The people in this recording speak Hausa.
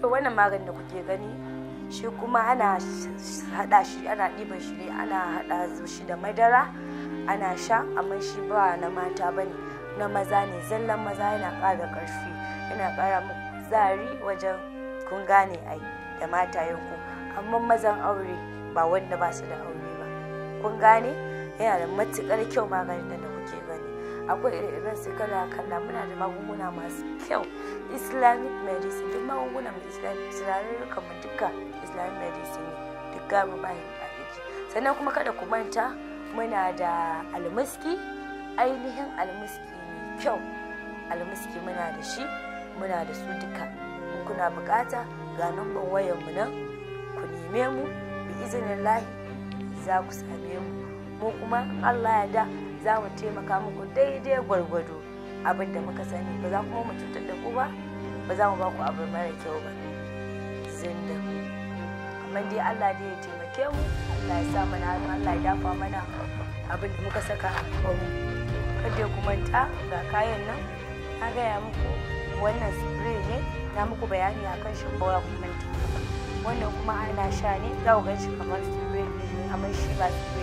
to wannan maganin da kuke gani shi kuma ana hada shi ana ɗiban shi ne ana hada shi da madara ana sha amma shi ba na mata bane na maza ne zallan maza yana kara karfi yana kara zari wajen kun gane ai da matayenku amma mazan aure ba wanda ba su da aure ba kun gane yana da matukar kyau maganin da akwai ire-iren su kala-kala muna da magunguna masu kyau islamic medicine duk magunguna mai islamic turarurrukan mu duka islamic medicine duk gamu bayan aiki sannan kuma kada ku manta muna da almuski ainihin almuski mai kyau almuski muna da shi muna da su duka in kuna bukata ga namban wayan mu nan ku neme mu bi izinin lahi za ku same mu mu kuma allah ya da za mu taimaka muku daidai gwargwado abin da muka sani ba za kuma mu cutar da ku ba ba za mu ba ku abin mara kyau ba zinda amma dai Allah dai ya taimake mu Allah ya sa mana hannu Allah ya dafa mana abin da muka saka a kwaro kada ku manta ga kayan nan na gaya muku wannan spray ne na muku bayani akan kan ba ku manta wannan kuma ana sha ne za ku gan shi kamar spray amma shi ba spray